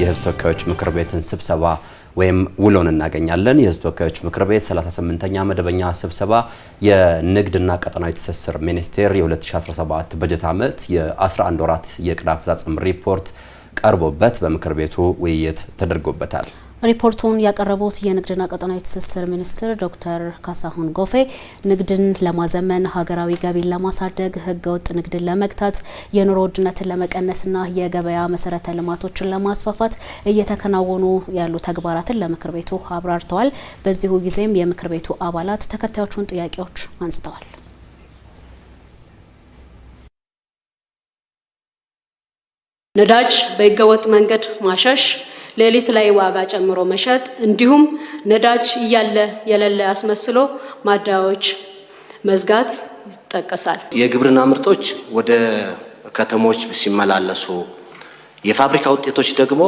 የህዝብ ተወካዮች ምክር ቤትን ስብሰባ ወይም ውሎን እናገኛለን። የህዝብ ተወካዮች ምክር ቤት 38ኛ መደበኛ ስብሰባ የንግድና ቀጠናዊ ትስስር ሚኒስቴር የ2017 በጀት ዓመት የ11 ወራት የዕቅድ አፈጻጸም ሪፖርት ቀርቦበት በምክር ቤቱ ውይይት ተደርጎበታል። ሪፖርቱን ያቀረቡት የንግድና ቀጠናዊ ትስስር ሚኒስትር ዶክተር ካሳሁን ጎፌ ንግድን ለማዘመን፣ ሀገራዊ ገቢን ለማሳደግ፣ ህገወጥ ንግድን ለመግታት፣ የኑሮ ውድነትን ለመቀነስና የገበያ መሰረተ ልማቶችን ለማስፋፋት እየተከናወኑ ያሉ ተግባራትን ለምክር ቤቱ አብራርተዋል። በዚሁ ጊዜም የምክር ቤቱ አባላት ተከታዮቹን ጥያቄዎች አንስተዋል። ነዳጅ በህገወጥ መንገድ ማሸሽ ሌሊት ላይ ዋጋ ጨምሮ መሸጥ፣ እንዲሁም ነዳጅ እያለ የሌለ አስመስሎ ማደያዎች መዝጋት ይጠቀሳል። የግብርና ምርቶች ወደ ከተሞች ሲመላለሱ፣ የፋብሪካ ውጤቶች ደግሞ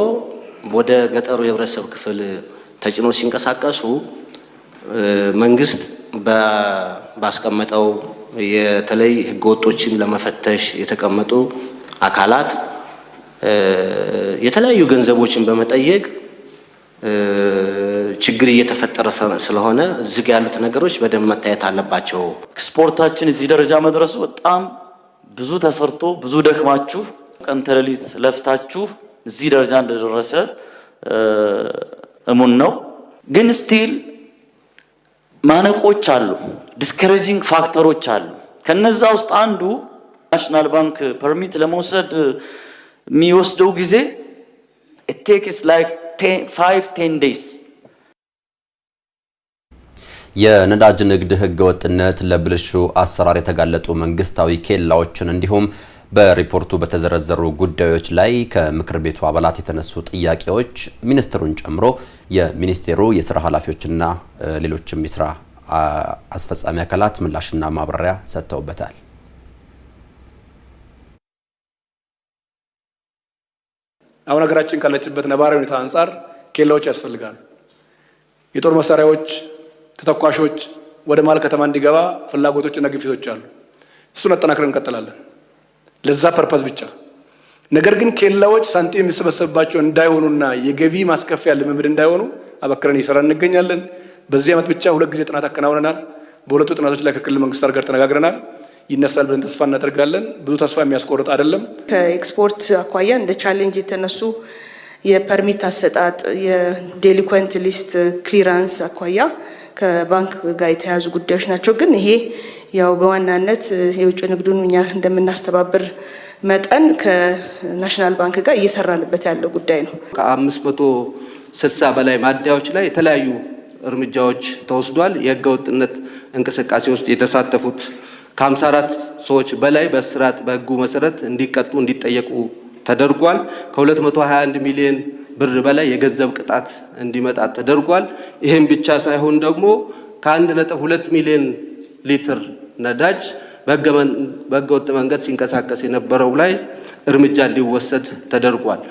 ወደ ገጠሩ የህብረተሰብ ክፍል ተጭኖ ሲንቀሳቀሱ መንግስት ባስቀመጠው የተለይ ህገወጦችን ለመፈተሽ የተቀመጡ አካላት የተለያዩ ገንዘቦችን በመጠየቅ ችግር እየተፈጠረ ስለሆነ እዚህ ያሉት ነገሮች በደንብ መታየት አለባቸው። ስፖርታችን እዚህ ደረጃ መድረሱ በጣም ብዙ ተሰርቶ ብዙ ደክማችሁ ቀን ተሌሊት ለፍታችሁ እዚህ ደረጃ እንደደረሰ እሙን ነው። ግን ስቲል ማነቆች አሉ፣ ዲስከሬጂንግ ፋክተሮች አሉ። ከነዛ ውስጥ አንዱ ናሽናል ባንክ ፐርሚት ለመውሰድ የሚወስደው ጊዜ takes like five, ten days. የነዳጅ ንግድ ህገወጥነት ለብልሹ አሰራር የተጋለጡ መንግስታዊ ኬላዎችን እንዲሁም በሪፖርቱ በተዘረዘሩ ጉዳዮች ላይ ከምክር ቤቱ አባላት የተነሱ ጥያቄዎች ሚኒስትሩን ጨምሮ የሚኒስቴሩ የስራ ኃላፊዎችና ሌሎችም የስራ አስፈጻሚ አካላት ምላሽና ማብራሪያ ሰጥተውበታል። አሁን ሀገራችን ካለችበት ነባራዊ ሁኔታ አንጻር ኬላዎች ያስፈልጋሉ። የጦር መሳሪያዎች፣ ተተኳሾች ወደ መሀል ከተማ እንዲገባ ፍላጎቶችና ግፊቶች አሉ። እሱን አጠናክረን እንቀጥላለን ለዛ ፐርፐዝ ብቻ። ነገር ግን ኬላዎች ሳንቲም የሚሰበሰብባቸው እንዳይሆኑና የገቢ ማስከፊያ ልምምድ እንዳይሆኑ አበክረን እየሰራ እንገኛለን። በዚህ ዓመት ብቻ ሁለት ጊዜ ጥናት አከናውነናል። በሁለቱ ጥናቶች ላይ ከክልል መንግስት ጋር ተነጋግረናል። ይነሳል ብለን ተስፋ እናደርጋለን። ብዙ ተስፋ የሚያስቆርጥ አይደለም። ከኤክስፖርት አኳያ እንደ ቻሌንጅ የተነሱ የፐርሚት አሰጣጥ፣ የዴሊኮንት ሊስት ክሊራንስ አኳያ ከባንክ ጋር የተያዙ ጉዳዮች ናቸው። ግን ይሄ ያው በዋናነት የውጭ ንግዱን እኛ እንደምናስተባብር መጠን ከናሽናል ባንክ ጋር እየሰራንበት ያለው ጉዳይ ነው። ከአምስት መቶ ስልሳ በላይ ማደያዎች ላይ የተለያዩ እርምጃዎች ተወስዷል። የህገ ወጥነት እንቅስቃሴ ውስጥ የተሳተፉት ከ54 ሰዎች በላይ በእስራት በህጉ መሰረት እንዲቀጡ እንዲጠየቁ ተደርጓል። ከ221 ሚሊዮን ብር በላይ የገንዘብ ቅጣት እንዲመጣ ተደርጓል። ይህም ብቻ ሳይሆን ደግሞ ከ1.2 ሚሊዮን ሊትር ነዳጅ በህገወጥ መንገድ ሲንቀሳቀስ የነበረው ላይ እርምጃ እንዲወሰድ ተደርጓል።